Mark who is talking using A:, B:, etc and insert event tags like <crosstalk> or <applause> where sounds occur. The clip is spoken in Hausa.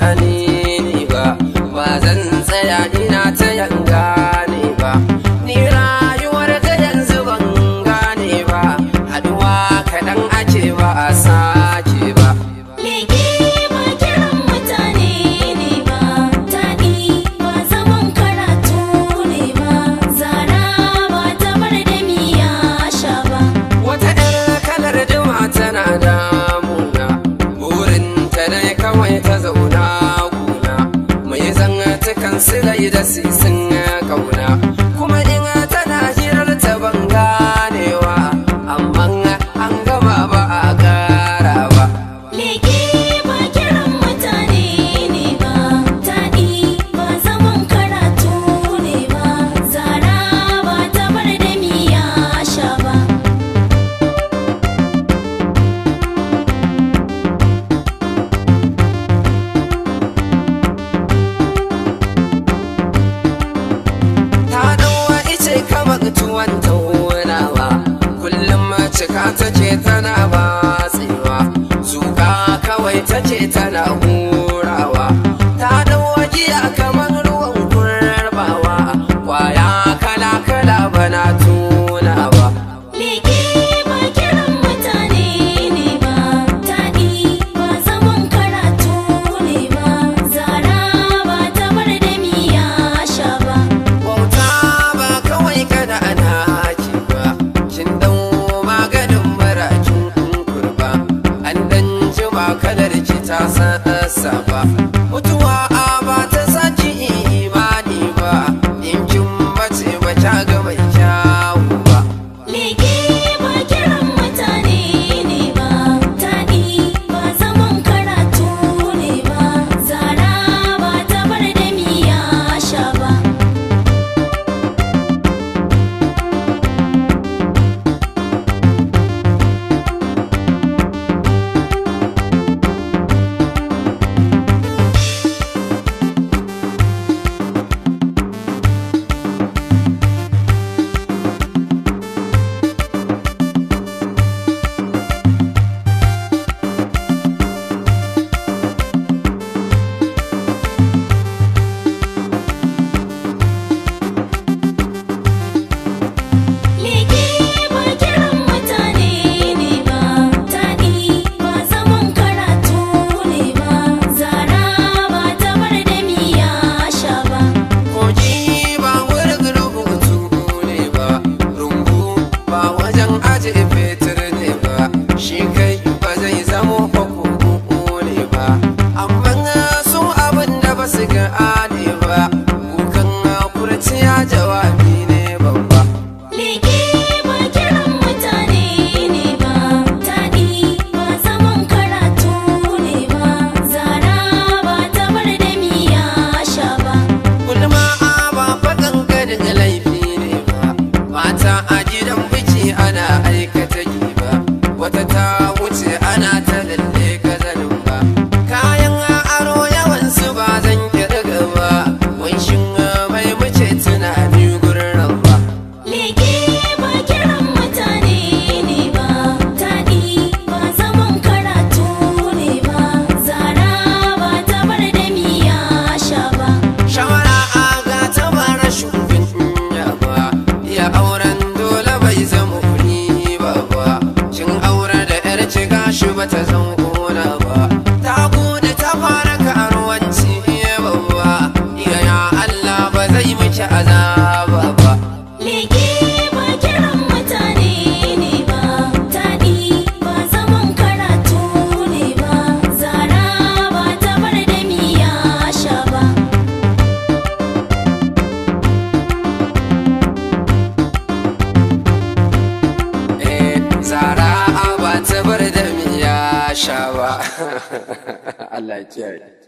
A: Ani ne ba Ba zan tsaya ina ta yan gane ba. Ni rayuwar ta yanzu ban gane ba. A da wa kadan ake ba a sa ke ba.
B: Likita ƙirar mutane ne ba. Taɗi ba zaman karatu ne ba. Zana ba tabar da sha ba. wata Wataƴar kalar juma'a
A: tana damuna. burin ta daga kawai ta. na yi da sisin cika ta ce tana batsewa zuka kawai ta ce tana hurawa ta sassa ba mutuwa a ba ta saki imani ba in kin bace ba ta ga mai What the? too much as sha ba <laughs> Allah ya kiyaye